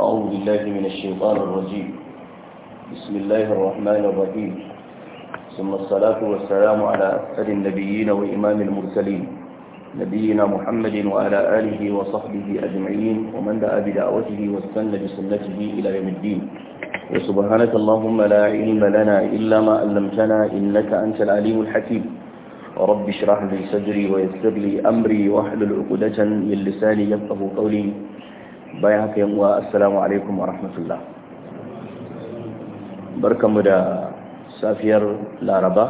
أعوذ بالله من الشيطان الرجيم بسم الله الرحمن الرحيم ثم الصلاة والسلام على أسأل النبيين وإمام المرسلين نبينا محمد وعلى آله وصحبه أجمعين ومن دعا بدعوته واستنى بسنته إلى يوم الدين وسبحانك اللهم لا علم لنا إلا ما علمتنا إنك أنت العليم الحكيم رب اشرح لي صدري ويسر لي أمري واحلل عقدة من لساني يفقه قولي bayan haka yin uwa assalamu alaikum wa rahmatullah barkamu da safiyar laraba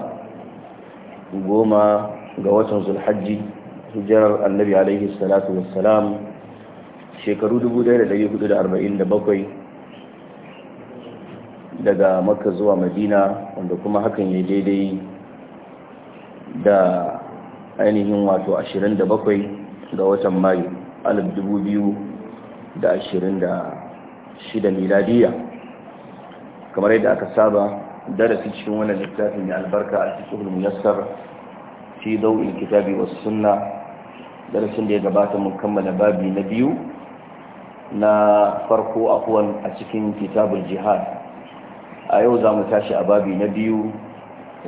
goma ga watan zulhajji hijirar annabi alaihi salatu wassalam shekaru 1447 daga makka zuwa madina wanda kuma hakan ya daidai da ainihin wato 27 ga watan mayu da ashirin da shida miladiya kamar yadda aka saba darasi cikin wannan littafin mai albarka a cikin muyassar fi zau'in kitabi wasu sunna darasin da ya gabata mun kammala babi na biyu na farko afuwan a cikin kitabul jihad a yau za mu tashi a babi na biyu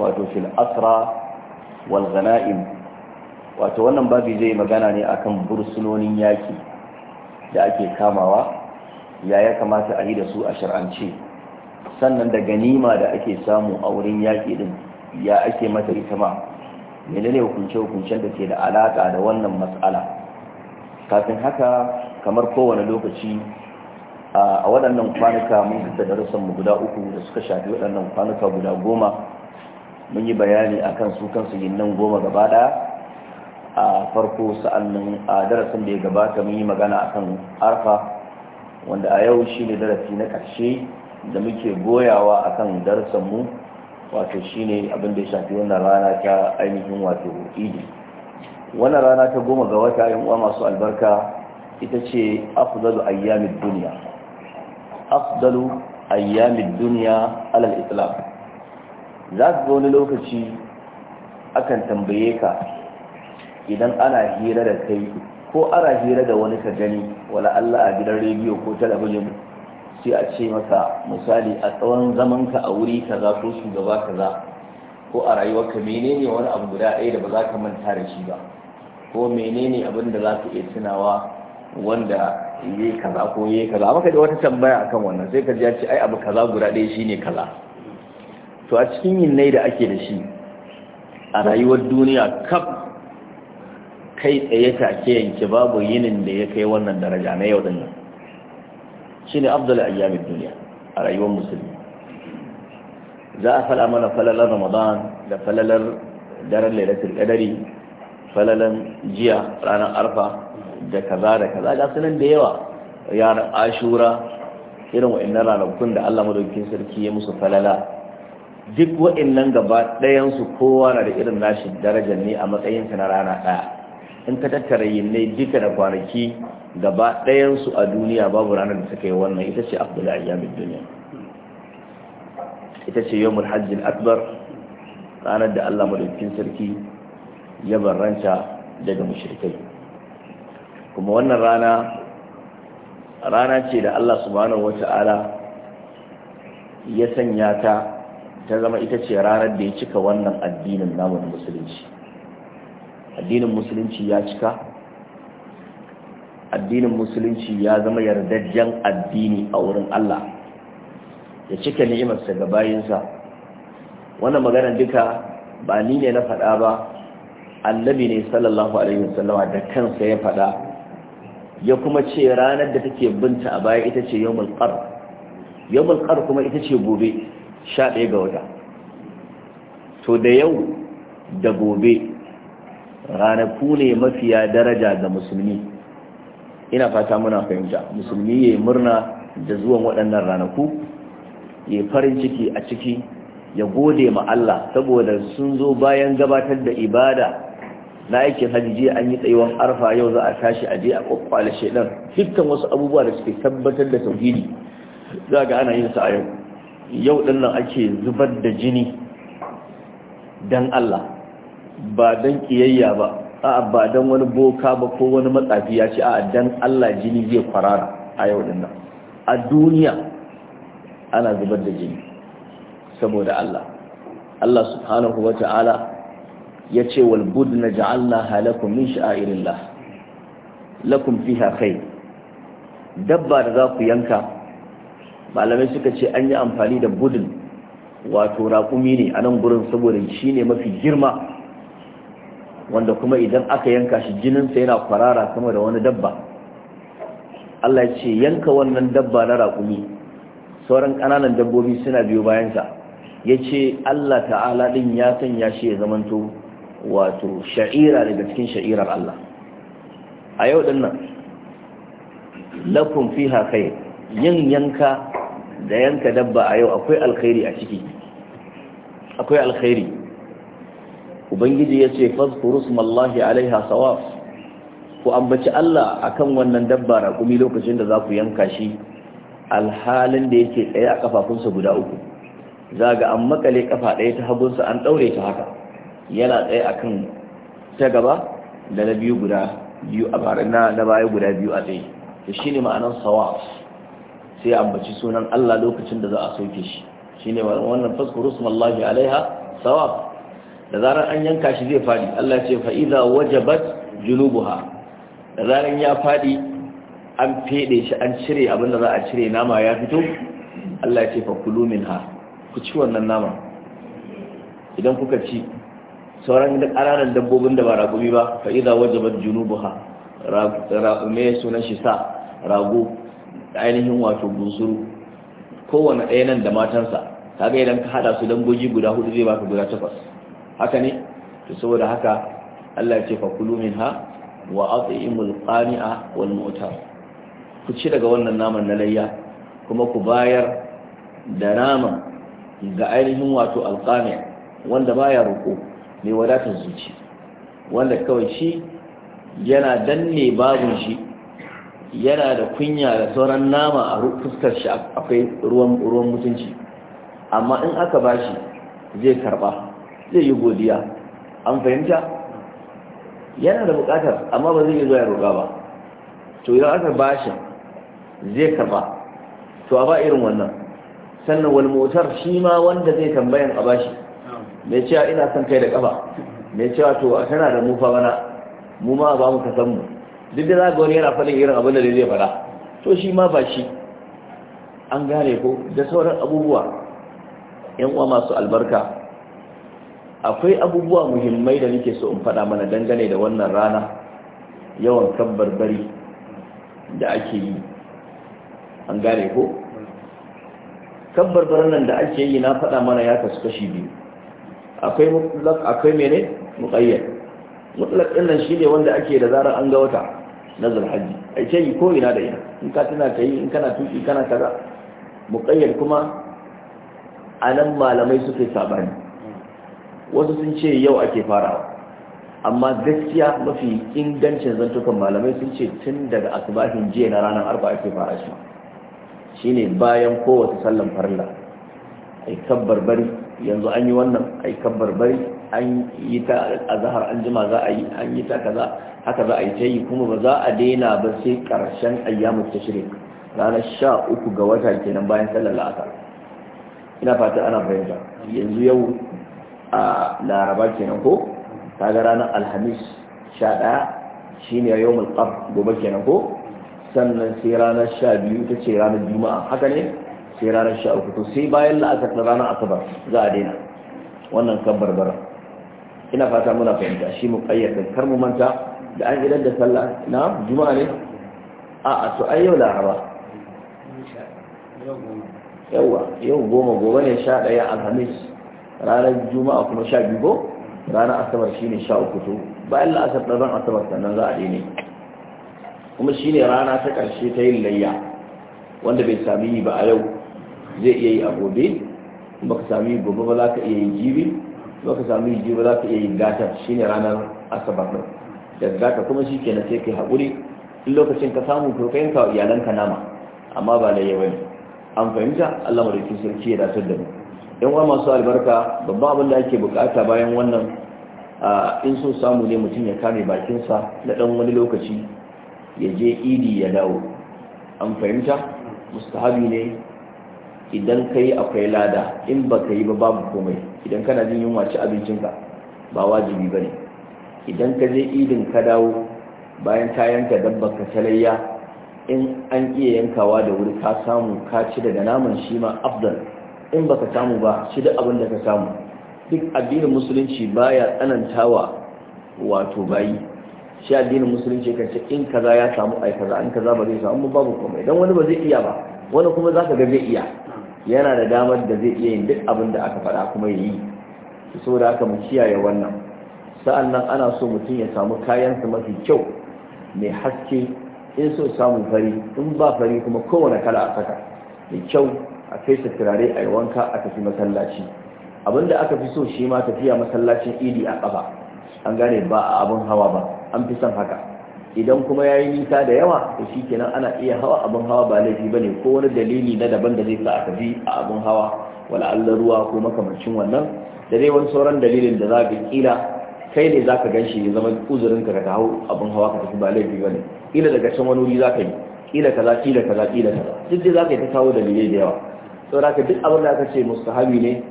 wato fil asra wal wato wannan babi zai magana ne akan bursunonin yaki da ake kamawa ya ya kamata a yi da su a shar'ance sannan da ganima da ake samu a wurin yaƙi din ya ake mata ita ma menene hukunce-hukuncen da ke da alaƙa da wannan matsala kafin haka kamar kowane lokaci a waɗannan kwanuka mun da darussanmu guda uku da suka shafi waɗannan kwanuka guda goma mun yi bayani akan su kansu yin nan goma gaba ɗaya a farko sa'annan a darasin da ya gabata mun yi magana akan arfa wanda a yau shi ne darasi na ƙarshe da muke goyawa akan darasin mu wato ne abin da ya shafi wannan rana ta ainihin wato idi wannan rana ta goma ga wata yin uwa masu albarka ita ce afdalu ayyamid duniya afdalu ayyamid Duniya, alal islam za su ga wani lokaci akan tambaye ka idan ana hira da kai ko ana hira da wani ka gani wala Allah a gidan rediyo ko talabijin sai a ce maka misali a tsawon zaman ka a wuri kaza ko shugaba kaza ko a ka menene wani abu guda ɗaya da ba za ka manta da shi ba ko menene abin da za ka iya tunawa wanda yi kaza ko yi kaza amma ka da wata tambaya akan wannan sai ka ji ce ai abu kaza guda ɗaya shine kaza to a cikin yinnai da ake da shi a rayuwar duniya kaf kai tsaye take yanke babu yinin da ya kai wannan daraja na yau dinnan shine afdal ayyamin duniya a rayuwar musulmi za a fada mana falalar ramadan da falalar daren lailatul qadari falalan jiya ranar arfa da kaza da kaza ga sunan da yawa ranar ashura irin wa'annan ranakun da Allah madaukakin sarki ya musu falala duk wa'annan gaba ɗayan su kowa na da irin nashi darajar ne a matsayin sa na rana ɗaya in ka tattara yinnai duka da kwanaki gaba ɗayansu a duniya babu ranar da suka yi wannan ita ce da ayyamin duniya ita ce yawon hajjin akbar ranar da Allah madaukakin sarki ya barranta daga mashirkai kuma wannan rana rana ce da Allah subhanahu Ta'ala ya sanya ta ta zama ita ce ranar da ya cika wannan addinin namun musulunci addinin musulunci ya cika addinin musulunci ya zama yardajjen addini a wurin Allah ya cika ni'imarsa ga bayinsa wannan magana duka ba ni ne na faɗa ba annabi ne sallallahu alaihi wasallama da kansa ya faɗa ya kuma ce ranar da take binta a baya ita ce yawmul qar yawmul qar kuma ita ce gobe 11 ga wata to da yau da gobe ranaku ne mafiya daraja ga musulmi ina fata muna fahimta musulmi ya murna da zuwan waɗannan ranaku ya farin ciki a ciki ya gode ma Allah saboda sun zo bayan gabatar da ibada na aikin hajji an yi tsayuwan arfa yau za a tashi a je a kwakwale shaidan dukkan wasu abubuwa da suke tabbatar da tauhidi za ga ana yin sa a yau yau ɗin nan ake zubar da jini dan Allah ba dan ƙiyayya ba a ba dan wani boka ba ko wani matsafi ya ce a don Allah jini zai kwarara a yau din nan a duniya ana zubar da jini saboda Allah Allah subhanahu wa ta'ala ya ce wal budna ja'alna halakum min sha'irillah lakum fiha khair dabba da za ku yanka malamai suka ce an yi amfani da budin wato raƙumi ne a nan gurin saboda shi ne mafi girma wanda kuma idan aka yanka shi jinin sa yana farara kuma da wani dabba Allah ya ce yanka wannan dabba na raƙumi sauran ƙananan dabbobi suna biyo bayansa ya ce Allah ta'ala ɗin ya sanya shi ya zamanto wato sha'ira daga cikin sha'irar Allah a yau ɗin nan lafin fi haƙai yin yanka da yanka dabba a yau akwai alkhairi a ciki akwai alkhairi ubangiji ya ce fazkuru smallahi alaiha sawaf ku ambaci Allah a kan wannan dabba raƙumi lokacin da za ku yanka shi alhalin da yake tsaye a kafafunsa guda uku za ga an makale kafa ɗaya ta hagunsa an ɗaure ta haka yana tsaye a kan ta gaba da na biyu guda biyu a na na baya guda biyu a tsaye shi ne ma'anar sawaf sai ambaci sunan Allah lokacin da za a soke shi Shi ne wannan fazkuru smallahi alaiha sawaf da zarar an yanka shi zai fadi Allah ce fa idza wajabat junubuha da zarar ya fadi an fede shi an cire abin da za a cire nama ya fito Allah ce fa kulu minha ku ci wannan nama idan kuka ci sauran da ƙananan dabbobin da ba ragumi ba fa idza wajabat junubuha me sunan shi sa rago ainihin wato bunsuru kowane ɗaya nan da matansa kaga idan ka hada su dangogi guda hudu zai baka guda takwas haka ne to saboda haka Allah ya ce fa minha wa at'imul qani'a wal mu'tar ku ci daga wannan naman na layya kuma ku bayar da naman ga ainihin wato alqani wanda baya ruku mai wadatar zuci wanda kawai shi yana danne babun shi yana da kunya da sauran nama a fuskar shi akwai ruwan mutunci amma in aka bashi zai karba zai yi godiya an fahimta yana da bukatar amma ba zai yi zuwa ya roƙa ba to yi aka bashin zai karba to a ba irin wannan sannan wani motar shi ma wanda zai tambayan a bashi mai cewa ina son kai da kafa mai cewa to a tana da mufa bana mu ma ba mu kasan mu duk da zaga wani yana faɗin irin abin da zai faɗa to shi ma ba shi an gane ko da sauran abubuwa yan uwa masu albarka akwai abubuwa muhimmai da nake so in faɗa mana dangane da wannan rana yawan kabbar bari da ake yi an gane ko kabbar nan da ake yi na faɗa mana ya kasu kashi biyu akwai mutlak akwai mene muqayyad mutlak din nan shine wanda ake da zarar an ga wata na zulhajji ai ce yi ko ina da ina in ka tana kai in kana tuki kana kaza muqayyad kuma anan malamai suke sabani wasu sun ce yau ake farawa amma gaskiya mafi ingancin zantukan malamai sun ce tun daga asibahin jiya na ranar arba ake fara shi shine bayan kowace sallan farilla ai kabbar bari yanzu an yi wannan ai kabbar bari an yi ta zahar an jima za a yi an yi ta kaza haka za a yi ta yi kuma ba za a daina ba sai karshen ayyamu shirin ranar sha uku ga wata kenan bayan sallar la'asar ina fata ana fahimta yanzu yau a laraba kenan ko ga ranar alhamis sha ɗaya shi ne yau mulkar gobe kenan ko sannan sai ranar sha biyu ta ce ranar juma'a haka ne sai ranar sha uku to sai bayan la'asar da ranar asabar za a daina wannan kan barbara ina fata muna fahimta shi mu kayyade kar mu manta da an idan da sallah na juma'a ne a a to ai yau laraba yawa yau goma gobe ne sha ɗaya alhamis ranar juma'a kuma sha biyu ranar asabar shine sha uku bayan la'asar ɗazan asabar sannan za a daina kuma shine rana ta ƙarshe ta yin layya wanda bai sami yi ba a yau zai iya yi a gobe kuma ka sami gobe ba za ka iya yi jibi kuma ka sami yi jibi za ka iya yi gata shine ranar asabar ɗin da gata kuma shi kenan sai kai hakuri in lokacin ka samu to ka yanka iyalanka nama amma ba layya ne an fahimta Allah madaukakin sarki ya dace da mu yan uwa masu albarka babban abin da ake bukata bayan wannan in so samu ne mutum ya kame bakinsa na dan wani lokaci ya je idi ya dawo an fahimta mustahabi ne idan ka yi akwai lada in ba ka yi ba babu komai idan kana jin yunwa ci abincinka ba wajibi ba ne idan ka je idin ka dawo bayan ka yanka dabbar ka talayya in an iya yankawa da wuri ka samu ka ci daga naman shi ma afdal in ba ka samu ba shi duk abin da ka samu duk addinin musulunci baya tsanantawa wato bayi shi addinin musulunci kan ce in kaza ya samu ai kaza in kaza ba zai samu babu komai dan wani ba zai iya ba wani kuma zaka ga zai iya yana da damar da zai iya yin duk abin da aka faɗa kuma yi saboda haka mu kiyaye wannan sa'annan ana so mutum ya samu kayan sa mafi kyau mai haske in so samu fari in ba fari kuma kowane kala a saka mai kyau a kai shi turare a yi wanka a tafi masallaci abinda aka fi so shi ma tafiya masallacin idi a ƙafa an gane ba a abin hawa ba an fi son haka idan kuma ya yi nisa da yawa da shi kenan ana iya hawa abin hawa ba laifi ba ne ko wani dalili na daban da zai sa a tafi a abin hawa wala'allar ruwa ko makamancin wannan da dai wani sauran dalilin da za ka kila kai ne za ka gan shi ya zama uzurin ka ka hau abin hawa ka tafi ba laifi ba ne kila daga can wani wuri za ka yi kila kaza kila kaza kila kaza duk dai za ka yi ta kawo dalilai da yawa saboda ka duk abin da aka ce mustahabi ne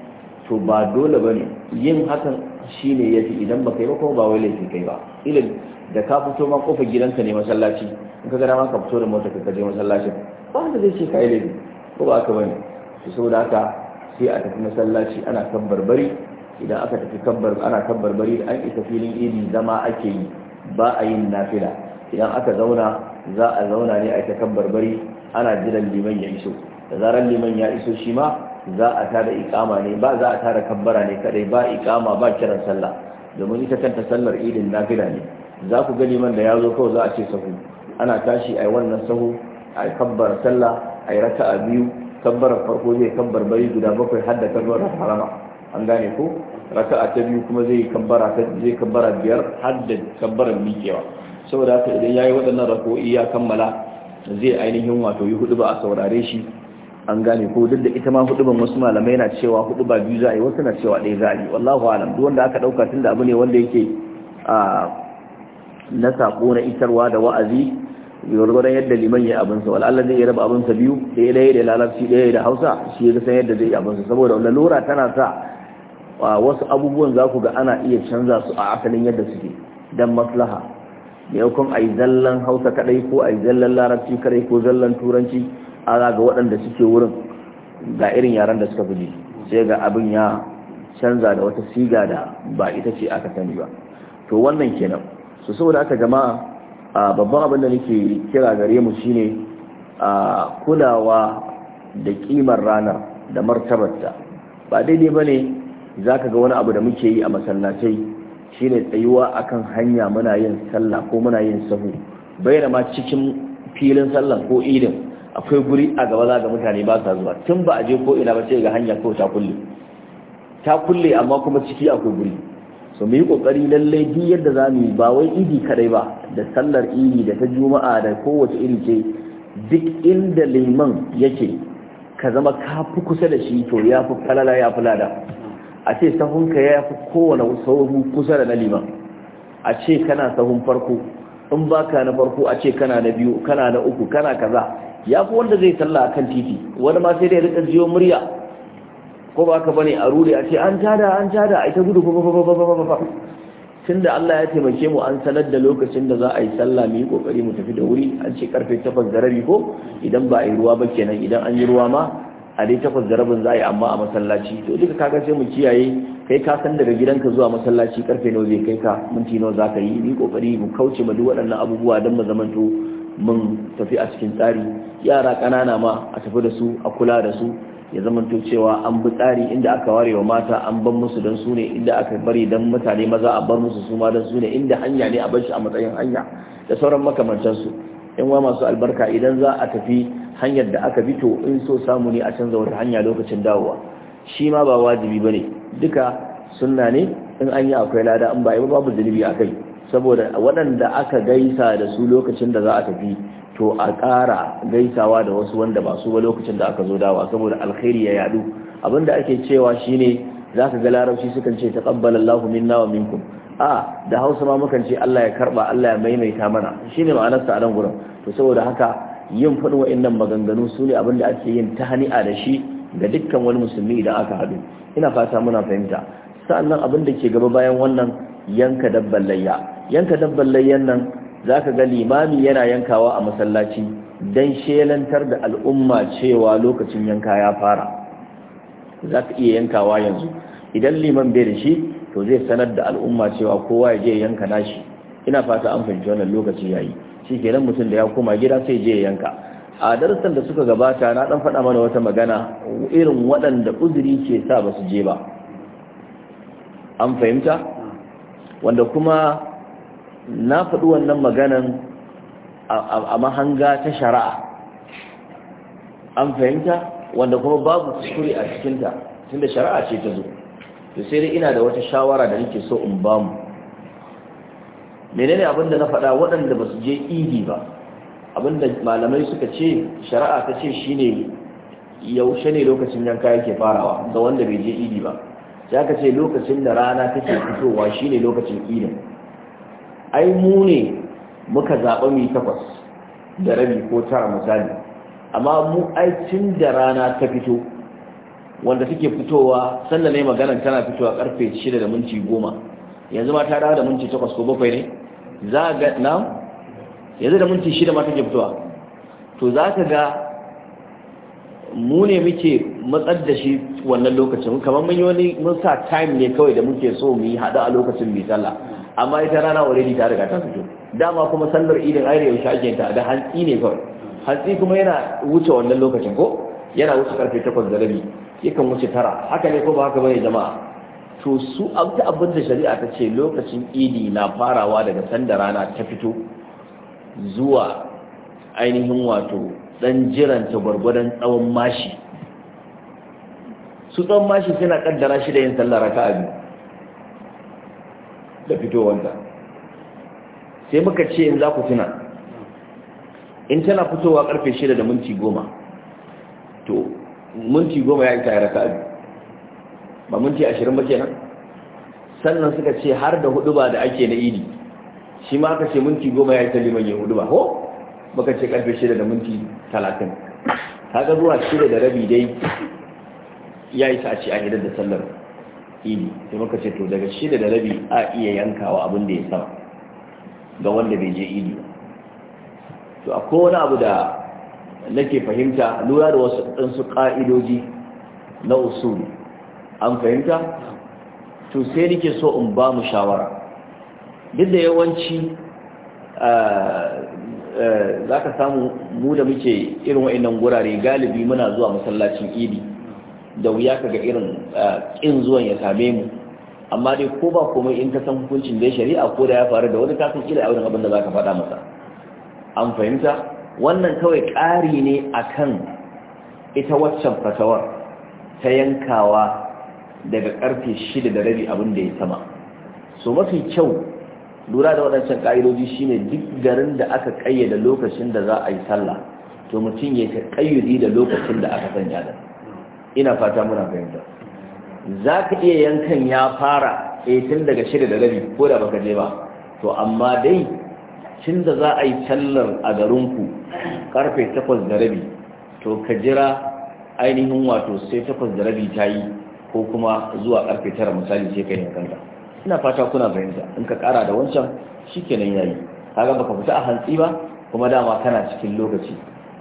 to ba dole bane yin hakan shine yafi idan baka yi ba kuma ba wai laifi kai ba ilin da ka fito ma kofar gidanka ne masallaci in ka ga dama ka fito da mota ka je masallacin ba wanda zai ce ka yi laifi ko ba haka bane to saboda haka sai a tafi masallaci ana kan barbari idan aka tafi barbari ana kabbar bari da an isa filin idi zama ake yi ba a yin nafila idan aka zauna za a zauna ne a ita kan bari ana jiran liman ya iso da zarar liman ya iso shi ma za a tara ikama ne ba za a tara kabbara ne kadai ba ikama ba kiran sallah domin ita kanta sallar idin nafila ne za ku ga liman da ya zo kawai za a ce sahu ana tashi a wannan sahu a kabbar sallah a yi raka'a biyu kabbarar farko zai kabbar bari guda bakwai har da kabbar harama an gane ko raka'a ta biyu kuma zai kabbara zai kabbara biyar har da kabbarar miƙewa saboda haka idan yayi waɗannan rako'i ya kammala zai ainihin wato yi hudu ba a saurare shi an gane ko duk da ita ma huduban wasu malamai na cewa hudu ba biyu za a yi wasu na cewa ɗaya za a yi wallahu alam duk wanda aka ɗauka tun da abu ne wanda yake na saƙo na isarwa da wa'azi gwargwadon yadda liman ya abinsa wal Allah zai raba abinsa biyu ɗaya ɗaya da larabci ɗaya da hausa shi ya san yadda zai abinsa saboda wanda lura tana sa wasu abubuwan za ku ga ana iya canza su a asalin yadda suke don maslaha maimakon a yi zallan hausa kaɗai ko a yi zallan larabci kaɗai ko zallan turanci ala ga waɗanda suke wurin ga irin yaren da suka fi sai ga abin ya canza da wata siga da ba ita ce aka sani ba to wannan kenan so saboda aka jama'a babban abin da nake kira gare mu shine kulawa da kimar ranar da martabarta ba daidai za ka ga wani abu da muke yi a masallatai shine tsayuwa akan hanya muna yin sallah ko muna yin sahu bayyana ma cikin filin sallah ko idin akwai guri a gaba za ga mutane ba sa zuwa tun ba a je ko ina ba ce ga hanya ko ta kulle ta kulle amma kuma ciki akwai guri so mu yi kokari lallai duk yadda za mu yi ba wai idi kadai ba da sallar idi da ta juma'a da kowace iri ce duk inda liman yake ka zama ka fi kusa da shi to ya fi falala ya fi lada a ce sahunka ya fi kowane sahun kusa da na liman a ce kana sahun farko in baka na farko a ce kana na biyu kana na uku kana kaza ya fi wanda zai talla kan titi wani ma sai dai rikar jiyo murya ko ba ka bane a rure a ce an tada an tada a ita gudu ba ba ba ba ba da Allah ya taimake mu an sanar da lokacin da za a yi sallah mu yi kokari mu tafi da wuri an ce karfe takwas da rabi ko idan ba a yi ruwa ba kenan idan an yi ruwa ma a dai takwas da rabin za a yi amma a masallaci to duka kaga sai mu kiyaye kai ka san daga gidanka zuwa masallaci karfe nawa zai kai ka minti nawa za ka yi mu kokari mu kauce ma duk waɗannan abubuwa don mu zamanto mun tafi a cikin tsari yara ƙanana ma a tafi da su a kula da su ya zama cewa an bi tsari inda aka ware wa mata an ban musu don su inda aka bari don mutane maza a bar musu su ma don su inda hanya ne a bar shi a matsayin hanya da sauran makamancansu in wa masu albarka idan za a tafi hanyar da aka bi to in so samu ne a canza wata hanya lokacin dawowa shi ma ba wajibi ba ne duka sunna ne in an yi akwai lada in ba yi ba babu zunubi a kai saboda waɗanda aka gaisa da su lokacin da za a tafi to a ƙara gaisawa da wasu wanda ba su ba lokacin da aka zo dawa saboda alkhairi ya yadu abinda ake cewa shine ka ga larabci sukan ce taqabbala Allahu minna wa minkum a da Hausa ma mukan ce Allah ya karba Allah ya maimaita mana shine ma'anar sa a nan gurin to saboda haka yin fadin wa'annan maganganu su ne abinda ake yin ta hani'a da shi ga dukkan wani musulmi idan aka haɗu ina fata muna fahimta sa'annan abin da ke gaba bayan wannan yanka dabban layya yanka dabban layyan nan za ka ga limami yana yankawa a masallaci don shelantar da al'umma cewa lokacin yanka ya fara Za ka iya yankawa yanzu idan liman bai da shi to zai sanar da al'umma cewa kowa ya je yanka nashi ina fata an fahimci wannan lokaci ya yayi kenan mutum da ya koma gida sai je yanka a darasan da suka gabata na dan faɗa mana wata magana irin waɗanda uzuri ke sa ba su je ba an fahimta wanda kuma na faɗi wannan maganan a mahanga ta shari'a an fahimta wanda kuma babu kuskure a cikinta tun da shari'a ce ta zo to sai dai ina da wata shawara da nake so in ba mu menene abinda na faɗa waɗanda ba su je idi ba abinda malamai suka ce shari'a ta ce ne yaushe ne lokacin yanka yake farawa ga wanda bai je idi ba sai aka ce lokacin da rana take fitowa shine lokacin idin ai mu ne muka zaɓa mai takwas da rabi ko tara misali amma mu aikin da rana ta fito wanda suke fitowa sannan ne magana tana fitowa karfe 6 da minti 10 yanzu ma ta dawo da minti 8 ko 7 ne za ga na yanzu da minti 6 ma take fitowa to za ka ga mu ne muke matsar da shi wannan lokacin kamar mun yi wani mun sa time ne kawai da muke so mu yi hada a lokacin mai sallah amma ita rana already ta riga ta fito dama kuma sallar idin aire yaushe ake ta da hantsi ne kawai hantsi kuma yana wuce wannan lokacin ko yana wuce karfe takwas da rabi yakan wuce tara haka ne ko ba haka bane jama'a to su abta abin da shari'a ta ce lokacin idi na farawa daga sanda rana ta fito zuwa ainihin wato dan ta gwargwadon tsawon mashi su tsawon mashi suna kaddara shi da yin sallar raka'a biyu da fitowanta sai muka ce in za ku tuna in tana fitowa karfe shida da minti goma to minti goma ya yi ta ka abu ba minti ashirin ba kenan sannan suka ce har da hudu ba da ake na idi shi ma aka ce minti goma ya yi ta liman yin hudu ba ho baka ce karfe shida da minti talatin ta ga zuwa shida da rabi dai ya yi sa a ce a gidan da sallar idi sai muka ce to daga shida da rabi a iya yankawa abin da ya sama ga wanda bai je idi to a kowane abu da nake fahimta lura da wasu ɗansu ƙa'idoji na usuli an fahimta to sai nake so in ba mu shawara duk da yawanci za ka samu mu da muke irin wa'in gurare galibi muna zuwa masallacin idi da wuya ka ga irin kin eh, zuwan ya same mu amma dai ko ba komai in ka san hukuncin da shari'a ko da ya faru da wani kafin kila a wurin abin da zaka faɗa masa an fahimta wannan kawai ƙari ne akan ita waccan fatawar ta yankawa daga karfe shida da rabi abin da ya sama so mafi kyau lura da waɗancan ƙa'idoji shine duk garin da aka ƙayyade lokacin da za a yi sallah to mutum ya ta da lokacin da aka sanya da ina fata muna fahimta za ka iya yankan ya fara eh, tun daga shida da rabi ko da baka je ba to amma dai tun da za a yi tallar a garinku karfe takwas da rabi to ka jira ainihin wato sai takwas da rabi ta yi ko kuma zuwa karfe tara misali sai ka yi kanka ina fata kuna fahimta in ka kara da wancan shi shikenan yayi kaga baka fita a hantsi ba kuma dama kana cikin lokaci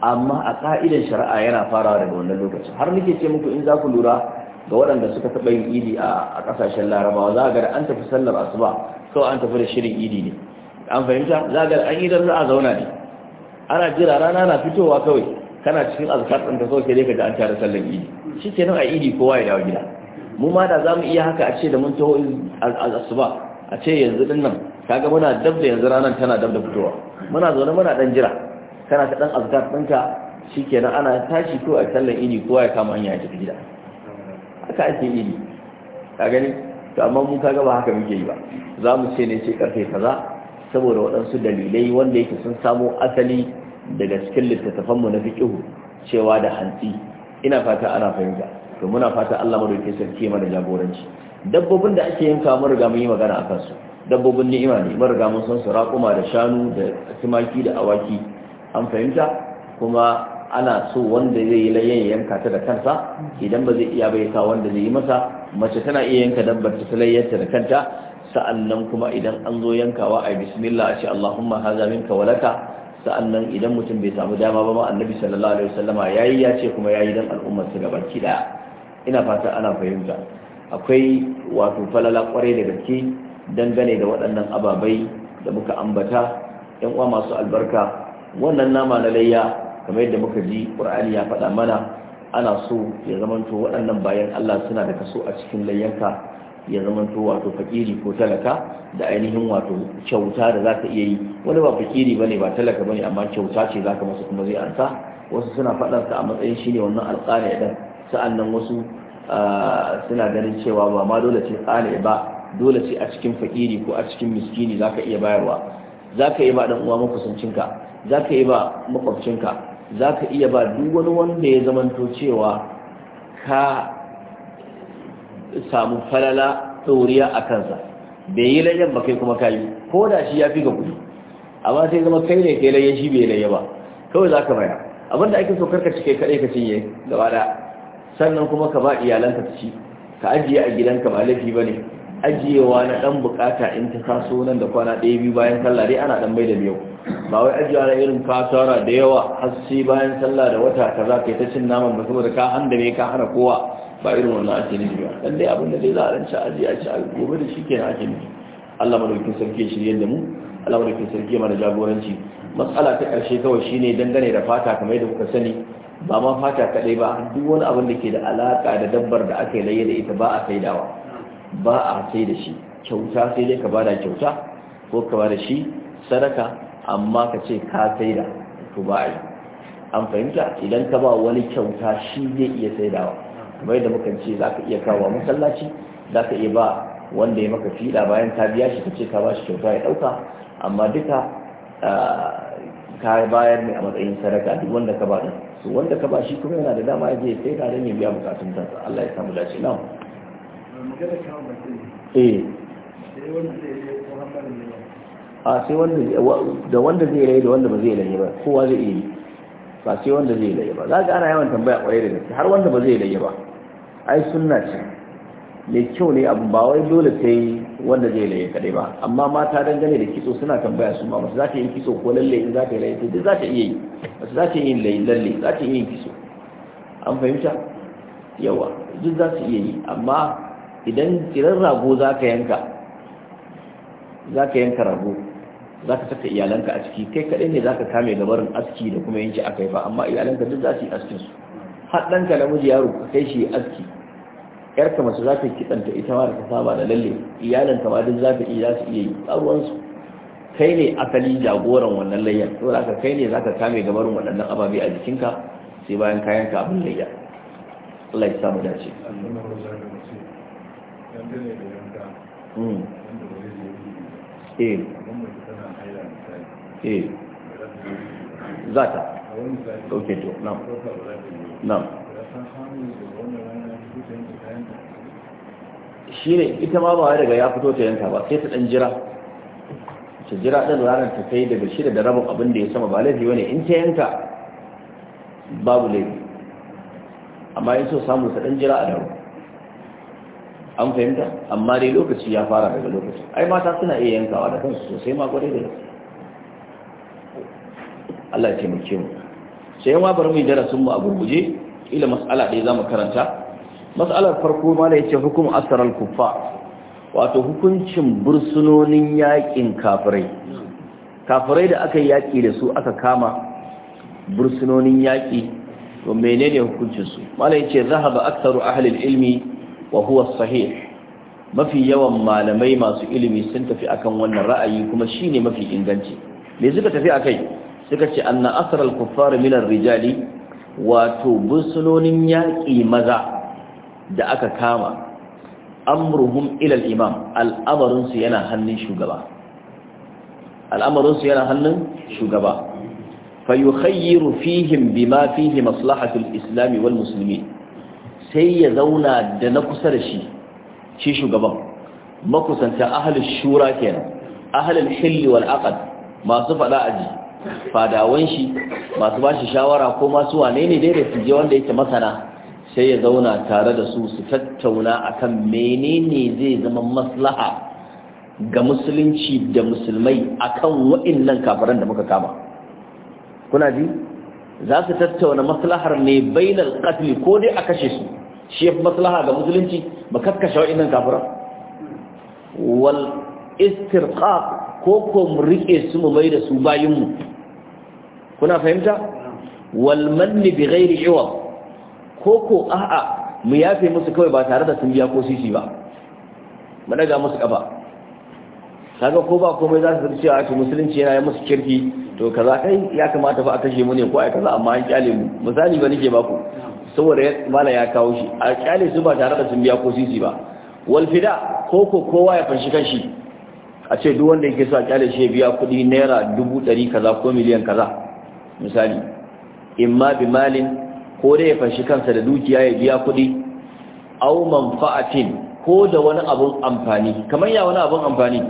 amma a ka'idan shari'a yana farawa daga wannan lokaci har nake ce muku in za ku lura ga waɗanda suka taɓa yin idi a ƙasashen larabawa za ga da an tafi sallar asuba kawai an tafi da shirin idi ne an fahimta za a ga an yi za a zauna ne ana jira rana na fitowa kawai kana cikin azkar ɗin ta sauke ka an tare sallar idi shi ke nan a idi kowa ya dawo gida mu ma da za mu iya haka a ce da mun taho asuba a ce yanzu ɗin nan kaga muna dab da yanzu ranar tana dab da fitowa muna zaune muna ɗan jira kana ta dan azkar ɗinka shikenan ana tashi ko a sallan ini kowa ya kama hanya ta gida haka ake ini ka gani to amma mun kaga ba haka muke yi ba za mu ce ne ce karfe kaza saboda waɗansu dalilai wanda yake sun samo asali daga cikin mu na fiƙihu cewa da hantsi ina fata ana fahimta to muna fata Allah madaukakin sarki da jagoranci dabbobin da ake yanka mun riga mun yi magana akan su dabbobin ni'ima ne mun riga mun san su raƙuma da shanu da tumaki da awaki an fahimta kuma ana so wanda zai yi ya yanka ta da kansa idan ba zai iya bai sa wanda zai yi masa mace tana iya yanka dabbar ta layyarta da kanta sa'annan kuma idan an zo yankawa a bismillah a ce Allahumma haza minka walaka sa'annan idan mutum bai samu dama ba ma annabi sallallahu alaihi wasallama yayi ya ce kuma yayi dan al'ummar su gabaki daya ina fata ana fahimta akwai wato falala kwarai da gaske dangane da waɗannan ababai da muka ambata yan uwa masu albarka wannan nama na layya kamar yadda muka ji ƙur'ani ya faɗa mana ana so ya zamanto waɗannan bayan Allah suna da kaso a cikin layyanka ya zamanto wato fakiri ko talaka da ainihin wato kyauta da za ka iya yi wani ba fakiri ba ne ba talaka ba ne amma kyauta ce za ka masa kuma zai ansa wasu suna faɗarsa a matsayin shi ne wannan alƙali ɗin sa'an wasu suna ganin cewa ba ma dole ce ƙali ba dole ce a cikin fakiri ko a cikin miskini za ka iya bayarwa za ka yi ba ɗan uwa makusancinka za ka yi ba makwabcinka za ka iya ba duk wani wanda ya zamanto cewa ka samu falala ɗoriya a kansa bai yi layyan ba kai kuma ka yi ko da shi ya fi ga kuɗi amma sai zama kai ne kai layyan shi bai layya ba kawai za ka baya abinda ake so ka cike kaɗai ka cinye gaba da sannan kuma ka ba iyalanka ta ci ka ajiye a gidanka ba laifi ba ne ajiyewa na ɗan buƙata in ta taso nan da kwana ɗaya biyu bayan kallare ana ɗan mai da biyu ba wai ajiya da irin kasara da yawa har sai bayan sallah da wata kaza kai ta cin naman ba saboda ka handa ne ka hana kowa ba irin wannan ake nufi ba dan dai abin da dai za a ranci a gobe da shi kenan ake nufi Allah madaukakin sarki shi yadda mu Allah madaukakin sarki mana jagoranci matsala ta karshe kawai shine dangane da fata kamar yadda kuka sani ba ma fata kaɗai ba duk wani abin da ke da alaka da dabbar da aka yi da ita ba a saidawa ba a sai da shi kyauta sai dai ka bada kyauta ko ka bada shi sadaka amma ka ce ka saida to ba a an fahimta idan ka ba wani kyauta shi zai iya saidawa kuma yadda muka ce za ka iya kawo masallaci za ka iya ba wanda ya maka fiɗa bayan ka biya shi ka ce ka ba shi kyauta ya ɗauka amma duka ka bayar ne a matsayin sadaka duk wanda ka ba su wanda ka ba shi kuma yana da dama ya je sai saida dan ya biya bukatun ta Allah ya samu dace na eh a sai wanda da wanda zai rayu da wanda ba zai rayu ba kowa zai iya ba sai wanda zai rayu ba za ga ana yawan tambaya kwaye da gaske har wanda ba zai rayu ba ai sunna ce mai kyau ne abu ba wai dole sai wanda zai rayu kadai ba amma mata dangane da kitso suna tambaya su ma za ta yi kitso ko lalle in za ta yi rayu duk za ta iya yi ba za ta yi yin lalle za ta iya yin kitso an fahimta yawa duk za su iya yi amma idan kiran rago za ka yanka za ka yanka rago za ka saka iyalanka a ciki kai kaɗai ne za ka kame gabarin aski da kuma yanki a yi ba amma iyalanka duk za su yi askin su haɗanka namiji yaro ka kai shi aski yarka masu za ta kitsanta ita ma da ta saba da lalle iyalanka ma duk za ta iya su iya yi tsaruwansu kai ne asali jagoran wannan layyar to za ka kai ne za ka kame gabarin waɗannan ababe a jikinka sai bayan kayan ka abin layya Allah ya samu dace. eh, eh. za ok to ita ma ba daga ya fito ta yanka ba sai ta dan jira ta jira ɗan ranar ta kai daga shida da rabin abin da ya sama ba laifi wani in ta yanka babu laifi amma in so samun ta dan jira a daru an fahimta amma dai lokaci ya fara daga lokaci ai mata suna iya yankawa da kansu sosai ma kwarai da gaske Allah ya taimake mu sai yawa bari mu darasin mu a gurguje ila mas'ala ɗaya mu karanta mas'alar farko ma da ce hukum al kuffa wato hukuncin bursunonin yakin kafirai kafirai da aka yaki da su aka kama bursunonin yaki to menene hukuncin su ce yace zahaba aktsaru ahli ilmi wa huwa sahih mafi yawan malamai masu ilimi sun tafi akan wannan ra'ayi kuma shine mafi inganci me suka tafi akai suka ce anna asral kuffar min rijali wato busulonin yaƙi maza da aka kama amruhum ila al-imam al'amarin su yana hannun shugaba al'amarin su yana hannun shugaba fayukhayyiru fihim bima fihi maslahatul islam wal muslimin sai ya zauna da na kusa da shi shi shugaban makusanta ahalin shura kenan ahalin hilli wal aqd masu fada aji fadawan shi masu ba shi shawara ko masu wane ne dai da su je wanda yake masana sai ya zauna tare da su su tattauna akan menene zai zama maslaha ga musulunci da musulmai akan waɗannan kafiran da muka kama kuna ji za su tattauna maslahar ne bainal qatl ko dai a kashe su shi yafi maslaha ga musulunci ba kakkashe wa'annan kafura. wal istirka ko mu rike su mu mai da su bayinmu, kuna fahimta wal manni bi ghairi iwad ko ko a'a mu yafe musu kawai ba tare da sun biya ko sisi ba mu daga musu kafa kaga ko ba komai za su cewa ake musulunci yana yi musu kirki to kaza kai ya kamata fa a kashe mu ne ko a kaza amma an kyale mu misali ba nake baku saboda ya mala ya kawo shi a kyale su ba tare da sun biya ko sisi ba Walfida, ko ko kowa ya fanshi kanshi a ce duk wanda yake sa a kyale shi ya biya kuɗi naira dubu ɗari kaza ko miliyan kaza misali imma bi malin ko dai ya fanshi kansa da dukiya ya biya kuɗi au manfa'atin ko da wani abun amfani kamar ya wani abun amfani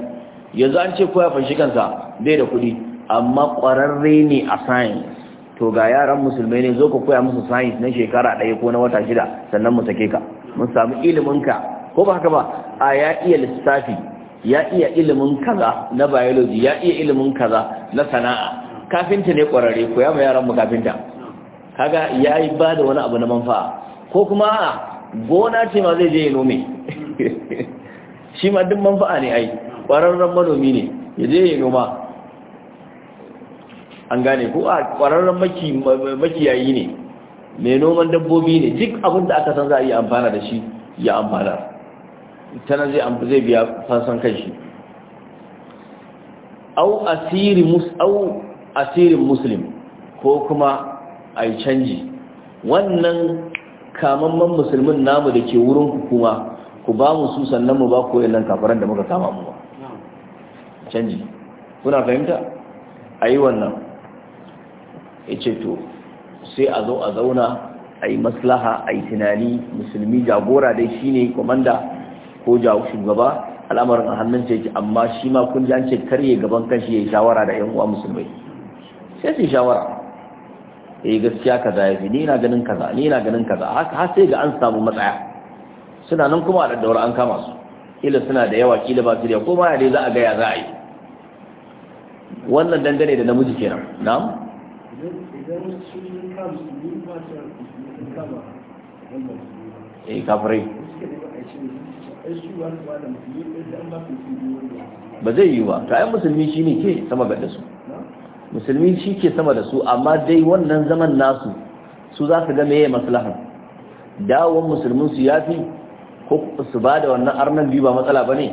yanzu an ce ko ya fanshi kansa bai da kuɗi amma ƙwararre ne a science to ga yaran musulmai ne zo ka koya musu science na shekara ɗaya ko na wata shida sannan mu sake ka mun samu ilimin ka ko ba haka ba a ya iya lissafi ya iya ilimin kaza na biology ya iya ilimin kaza na sana'a kafinta ne kwararre ya ma yaran mu kafinta kaga yayi ba da wani abu na manfa'a ko kuma gona ce ma zai je ya nome shi ma duk manfa'a ne ai kwararren manomi ne ya je ya noma an gane ko a kwararren makiyayi ne mai noman dabbobi ne duk abin da aka san za a yi amfana da shi ya amfana nan zai biya fasan kan shi au asirin muslim ko kuma a yi canji wannan kamamman musulmin namu da ke wurin hukuma ku ba mu su sannan mu ba ku nan kafaran da muka kama mu canji kuna fahimta a yi wannan ya ce to sai a zo a zauna a yi maslaha a yi tunani musulmi jagora dai shi ne komanda ko shugaba al'amarin a hannun ce amma shi ma kun ji an ce karye gaban kanshi ya yi shawara da yan uwa musulmai sai su shawara ya eh, yi gaskiya kaza ya fi ni ganin kaza ni na ganin kaza haka sai ga an samu matsaya suna nan kuma a daddaura an kama su kila suna da yawa kila ba su da ko ma ya dai za a gaya za a yi wannan dangane da namiji kenan na'am ba eh kafirai ba zai yi ba ta yi musulmi shi ne ke sama da su musulmi shi ke sama da su amma dai wannan zaman nasu su za su game ya maslahan dawon musulmin su fi, ko su ba da wannan arnan biyu ba matsala ba ne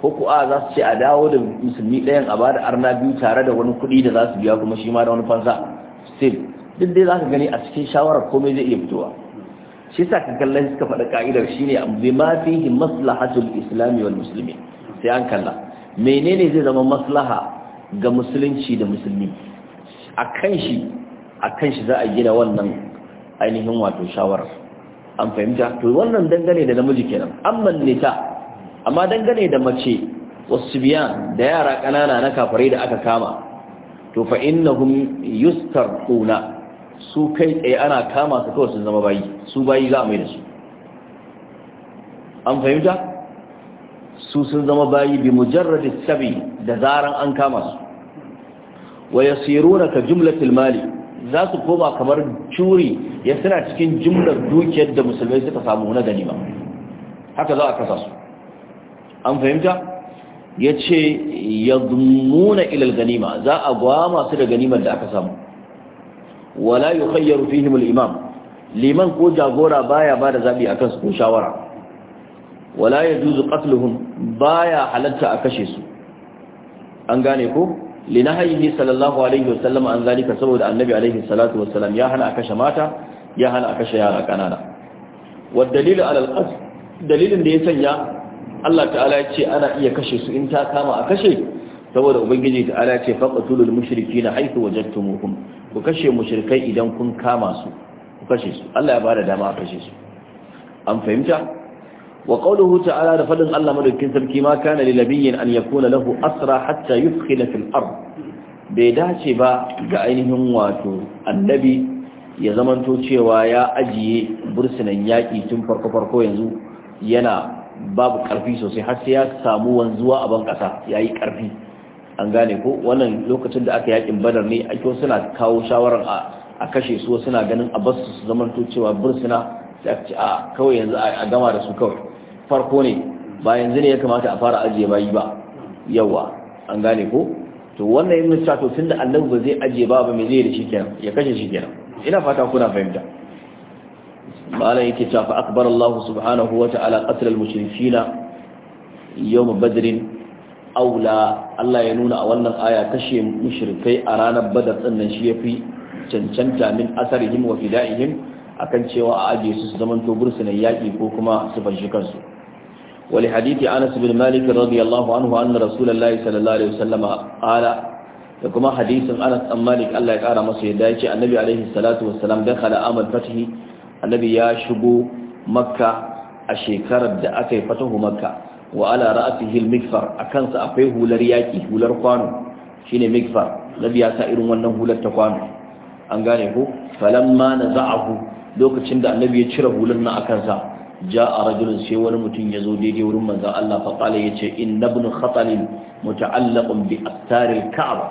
ko ku a za su ce a dawo da musulmi ɗayan a ba da arna biyu tare da wani kuɗi da za su biya kuma shi ma da wani fansa still duk dai za ka gani a cikin shawarar komai zai iya fitowa shi sa ka kalla suka faɗa ka'idar shine bi ma fihi maslahatul islami wal musulmi. sai an kalla menene zai zama maslaha ga musulunci da musulmi kan shi kan shi za a gina wannan ainihin wato shawarar an fahimta to wannan dangane da namiji kenan An nita amma dangane da mace wasu biyan da yara ƙanana na kafare da aka kama to fa innahum yustarquna su kai tsaye ana kama su kawai sun zama bayi su bayi za a mai da su an fahimta su sun zama bayi bi mujarradi sabi da zaran an kama su wa yasiruna ka jumlatil mali za su koma kamar curi ya suna cikin jumlar dukiyar da musulmai suka samu na ganima haka za a kasa su an fahimta ya ce ya zumuna ilal ganima za a gwama su da ganimar da aka samu wala yi khayyaru fihim imam liman ko jagora baya ba da zaɓi a kansu ko shawara wala ya juzu qatluhum baya halatta a kashe su an gane ko Lina linahayihi sallallahu alaihi wasallam an zalika saboda annabi alaihi salatu wasallam ya hana a kashe mata ya hana a kashe yara ƙanana. wa dalilu alal dalilin da ya sanya Allah ta'ala ya ce ana iya kashe su in ta kama a kashe saboda ubangiji ta'ala ya ce faqatulul mushrikeena haythu wajadtumuhum ku kashe mushrikai idan kun kama su ku kashe su Allah ya bada dama a kashe su an fahimta wa qawluhu ta'ala da fadin Allah madaukakin sarki ma kana lil nabiyyin an yakuna lahu asra hatta yufkhila fil ard bai dace ba ga ainihin wato annabi ya zamanto cewa ya ajiye bursunan yaƙi tun farko farko yanzu yana babu karfi sosai har sai ya samu wanzuwa a ban kasa yi karfi an gane ko wannan lokacin da aka yakin badar ne ake suna kawo shawarar a kashe su suna ganin a basu su zaman to cewa bursuna sai aka ce a kawai yanzu a gama da su kawai farko ne ba yanzu ne ya kamata a fara ajiye bayi ba yawa an gane ko to wannan yin cewa to da annabi ba zai ajiye ba ba mai zai da shi kenan ya kashe shi kenan ina fata kuna fahimta malam yake cewa fa akbar Allah subhanahu wa ta'ala qatl al-mushrikeena yawm badr aula Allah ya nuna a wannan aya kashe mushrikai a ranar badar din nan shi yafi cancanta min asarihim wa fidaihim akan cewa a aje su su zamanto bursunan yaki ko kuma su fanshi kansu wali hadisi Anas bin Malik radiyallahu anhu anna Rasulullahi sallallahu alaihi wasallam qala da kuma hadisin Anas bin Malik Allah ya kara masa yadda dace Annabi alaihi salatu wassalam dakhala amal fathi annabi ya shigo makka a shekarar da aka yi fatahu makka wa ala ra'atihi al-mikfar akansa sa akwai hular yaki hular kwano shine mikfar nabi ya sa irin wannan hular ta kwano an gane ko falamma naza'ahu lokacin da annabi ya cire hular nan akansa ja ja'a rajulun sai wani mutum ya zo daidai wurin manza Allah fa qala yace inna ibn khatal muta'allaqun bi aftar al-ka'ba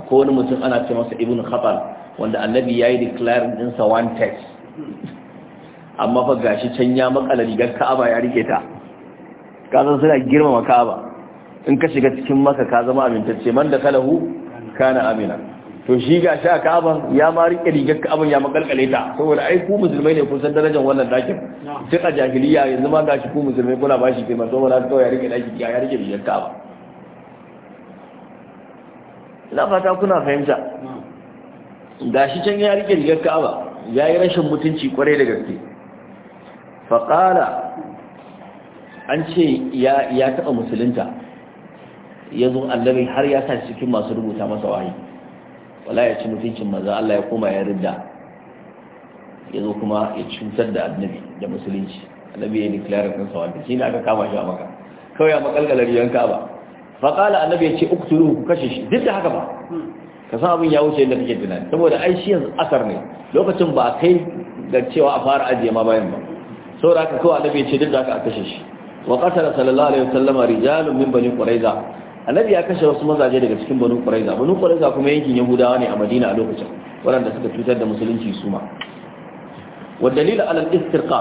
akwai wani mutum ana ce masa ibn khatal wanda annabi yayi declare din sa one text amma fa gashi can ya makala rigar ka'aba ya rike ta ka san suna girmama ka'aba in ka shiga cikin maka ka zama amintacce man da kalahu kana amina to shi gashi a ka'aba ya ma rike rigar ka'aban ya makalkale ta saboda ai ku musulmai ne kun san darajar wannan dakin sai a jahiliya yanzu ma gashi ku musulmai kuna bashi kai ma saboda ka ya rike daki ya rike rigar ka'aba ina fata kuna fahimta gashi can ya rike rigar ka'aba ya yi rashin mutunci kwarai da gaske faƙala an ce ya taɓa musulunta ya zo allabi har ya sa cikin masu rubuta masa wahayi wala ya ci mutuncin maza Allah ya koma ya ridda ya zo kuma ya cutar da annabi da musulunci annabi ya declare kansa wanda shi ne aka kama shi a maka kawai ya makalgalar yan kaba faƙala annabi ya ce uktulu ku kashe shi duk da haka ba ka san abin ya wuce yadda kake tunani saboda ai shi yanzu asar ne lokacin ba kai ga cewa a fara ajiye ma bayan ba saboda haka kawai annabi ya ce duk da aka kashe shi wa qatala sallallahu alaihi wasallama rijalun min bani quraiza annabi ya kashe wasu mazaje daga cikin banu quraiza banu quraiza kuma yankin yahudawa ne a madina a lokacin waɗanda suka cutar da musulunci su ma wa dalil ala al-istirqa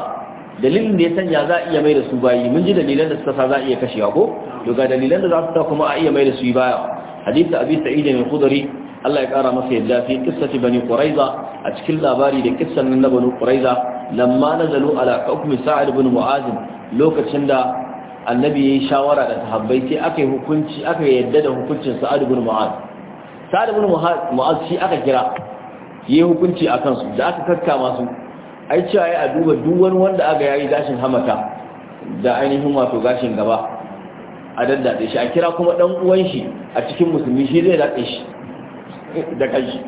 dalilin da ya sanya za a iya mai da su bayi mun ji dalilan da suka sa za a iya kashewa ko to ga dalilan da za su sa kuma a iya mai da su baya hadisi abi sa'id mai khudri Allah ya kara masa yadda fi qissati bani quraiza a cikin labari da kissan nan na banu quraiza lamma nazalu ala hukmi sa'ad ibn mu'az lokacin da annabi yayi shawara da sahabbai sai aka yi hukunci aka yadda da hukuncin sa'ad ibn mu'az sa'ad ibn mu'az shi aka kira yayi hukunci akan su da aka kakka masu. ai cewa ya duba duk wani wanda aka yayi gashin hamata da ainihin wato gashin gaba a daddade shi a kira kuma dan uwan shi a cikin musulmi shi zai daɗe shi da kashi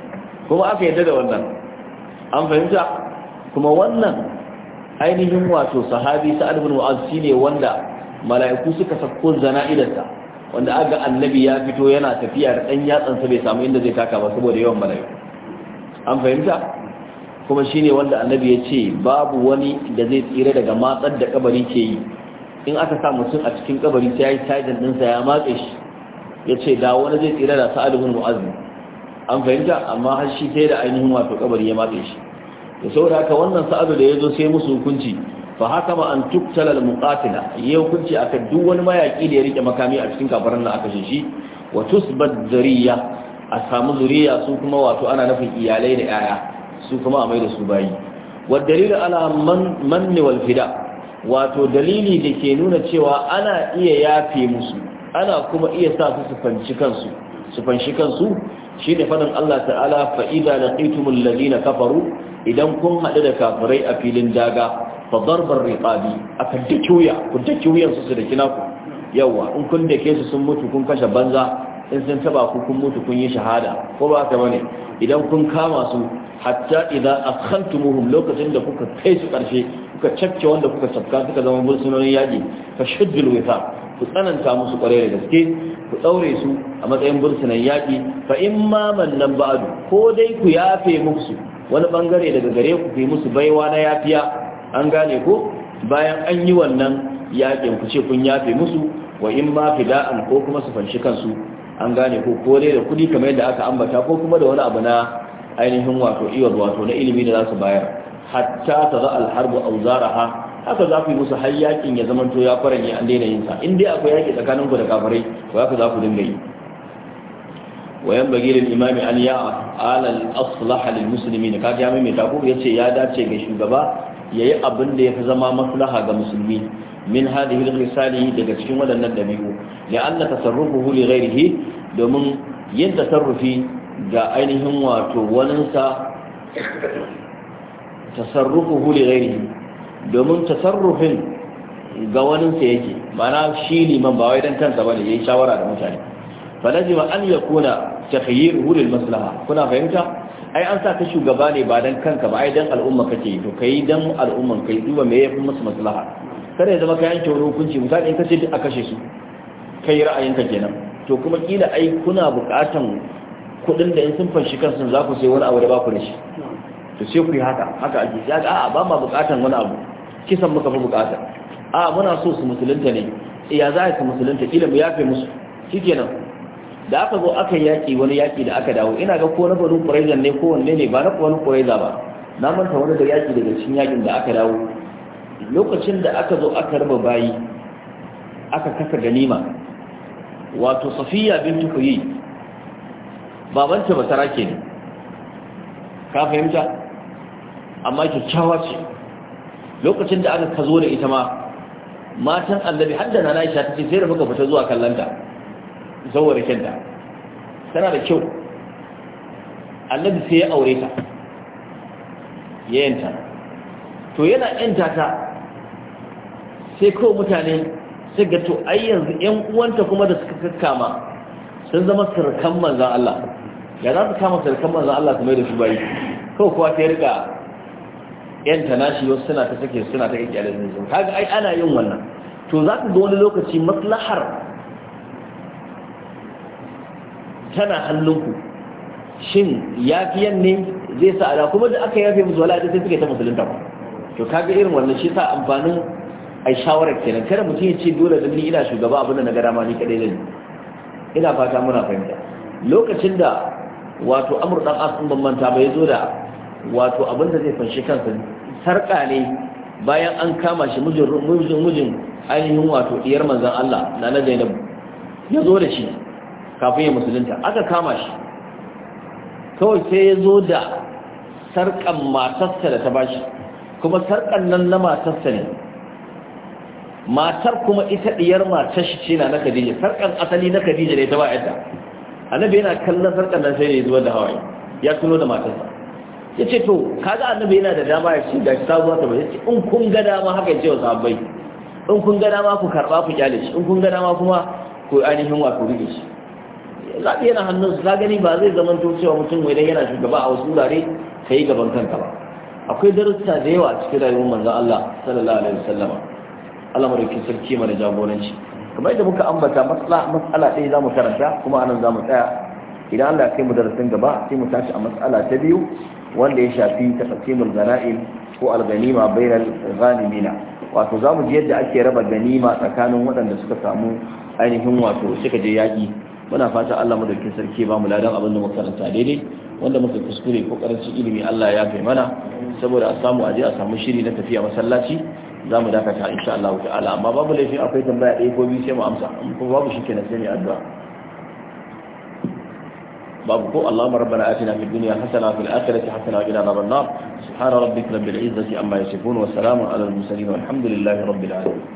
kuma aka yadda da wannan an fahimta kuma wannan ainihin wato sahabi sa'ad bin mu'az shine wanda mala'iku suka sako zana'idarsa wanda aga annabi ya fito yana tafiya da dan yatsansa bai samu inda zai taka ba saboda yawan mala'iku an fahimta kuma shine wanda annabi ya ce babu wani da zai tsira daga matsar da kabari ke yi in aka sa mutum a cikin kabari sai yi tajin ɗinsa ya matse shi ya ce da wani zai tsira da sa'ad bin an fahimta amma har shi sai da ainihin wato kabari ya matse shi to saboda haka wannan sa'adu da ya zo sai musu hukunci fa haka ma an tuktala al-muqatila ya hukunci aka duk wani mayaki da ya rike makami a cikin kafaran nan aka shi wa tusbat zuriya a samu zuriya su kuma wato ana nufin iyalai da yaya su kuma a mai da su bayi wa dalilu ala man manni wal fida wato dalili da ke nuna cewa ana iya yafe musu ana kuma iya sa su su fanci kansu su fanshi kansu shi ne Allah ta'ala fa idza laqitumul ladina kafaru idan kun haɗu da kafirai a filin daga fa darbar riqabi aka daki wuya ku daki wuyan su da kina ku yawa in kun dake su sun mutu kun kashe banza in sun taba ku kun mutu kun yi shahada ko ba ka bane idan kun kama su hatta idza akhantumuhum lokacin da kuka kai su karshe kuka cafke wanda kuka cafka suka zama bursunonin yaƙi fa shaddul ku tsananta musu kwarai da gaske ku ɗaure su a matsayin bursunan yaƙi fa in ma mannan ba'adu ko dai ku yafe musu wani bangare daga gare ku kai musu baiwa na yafiya an gane ko bayan an yi wannan yakin ku ce kun yafe musu wa in ma fida'an ko kuma su fanshi kansu an gane ko ko dai da kudi kamar yadda aka ambata ko kuma da wani abu na ainihin wato iwa wato na ilimi da za su bayar hatta ta za alharbu auzaraha haka za ku yi musu har yakin ya zamanto ya faranye an daina yin sa in dai akwai yaki tsakanin ku da kafirai to haka za ku dinga yi wayan bagirin imami an ya alal aslaha lil muslimin ka ga mai ta ya ce ya dace ga shugaba yayi abinda ya fi zama maslaha ga musulmi min hadhihi al risalihi daga cikin wadannan dabi'u la anna tasarrufuhu li ghayrihi domin yin tasarrufi ga ainihin wato wannan sa tasarrufuhu li domin tasarrufin ga wannan yake mana shi liman ba wai dan kansa bane yayi shawara da mutane falajima ya yakuna takhyiruhu lil maslaha kuna fahimta ai an sa ka shugaba ne ba dan kanka ba ai don al'umma kake to ka yi don al'umman ka yi duba mai yafi musu maslaha kada ya zama ka yanke wani hukunci misali in kace duk a kashe su ka yi ra'ayinka kenan to kuma kila ai kuna bukatan kuɗin da in sun fanshi kansu za ku sai wani abu da ba ku da shi to sai ku yi haka haka ake ya ga a'a ba ma bukatan wani abu kisan muka fi buƙata a muna so su musulunta ne iya eh, za a yi ka musulunta kila mu yafe musu shikenan da aka zo aka yaki wani yaki da aka dawo ina ga ko na banu kuraizan ne ko wanne ne ba na wani kuraiza ba na manta wani da yaki daga cikin yakin da aka dawo lokacin da aka zo aka raba bayi aka kasa ganima wato safiya bintu kuyi babanta ba ke ne ka fahimta amma kyakkyawa ce lokacin da aka kazo da ita ma matan annabi haddana na isha ta ce sai da muka fita zuwa kallanta zawar kenta tana da kyau annabi sai ya aure ta ya yanta to yana yanta ta sai kawai mutane sai ga to ai yanzu yan uwanta kuma da suka kakkama sun zama sirkan manzan Allah ya za su kama sirkan manzan Allah kuma da su bayi kawai kuwa ta rika yanta nashi wasu suna ta sake suna ta kyakkyalin zuwa kaga ai ana yin wannan to za ka ga wani lokaci maslahar tana hannunku shin yafiyan ne zai sa ala kuma da aka yafe musu wala sai suka ta musulunta ba to kaga irin wannan shi sa amfanin ai shawarar kenan kada mutum ya ce dole da ni ina shugaba abin da na gara ma ni kadai zan ina fata muna fahimta lokacin da wato amur dan asin bambanta bai zo da wato abin da zai fanshi kansa sarka ne bayan an kama shi mijin mujin ainihin wato diyar manzon Allah na na Zainab ya zo da shi kafin ya musulunta aka kama shi kawai sai ya zo da sarƙan matarsa da ta ba shi kuma sarƙan nan na matarsa ne matar kuma ita ɗiyar matar shi ce na na khadija sarƙan asali na khadija ne ta ba yadda annabi yana kallon sarƙan nan sai ne zuwa da hawaye ya tuno da matarsa ya ce to kaga annabi yana da dama ya ce gashi sabuwa ta bai ce in kun ga dama haka ya ce wa sahabbai in kun ga dama ku karɓa ku kyale shi in kun ga dama kuma ku ainihin wato rike shi zaɓi yana hannun su gani ba zai zama to cewa mutum wai dai yana shugaba a wasu wurare yi gaban kanka ba akwai darussa da yawa cikin rayuwar manzon Allah sallallahu alaihi wasallam Allah madaukakin sarki mana jagoranci kamar yadda muka ambata matsala ɗaya za mu karanta kuma anan za mu tsaya idan Allah kai mu darasin gaba sai mu tashi a matsala ta biyu wanda ya shafi taqsimul ghana'im ko al-ghanima bainal ghanimina wato zamu ji yadda ake raba ganima tsakanin waɗanda suka samu ainihin wato suka je yaƙi muna fata Allah mu dauke sarki ba mu ladan abin da muka karanta daidai wanda muka kuskure ko karanci ilimi Allah ya kai mana saboda a samu aje a samu shiri na tafiya masallaci za mu dakata insha Allah ta'ala amma babu laifi akwai tambaya ɗaya ko biyu sai mu amsa kuma ko babu shi kenan sai mu addu'a babu ko allah mu rabbana atina fid dunya hasana fil akhirati hasana wa qina adhaban nar subhana rabbika rabbil izzati amma yasifun wa salamun alal mursalin walhamdulillahi rabbil alamin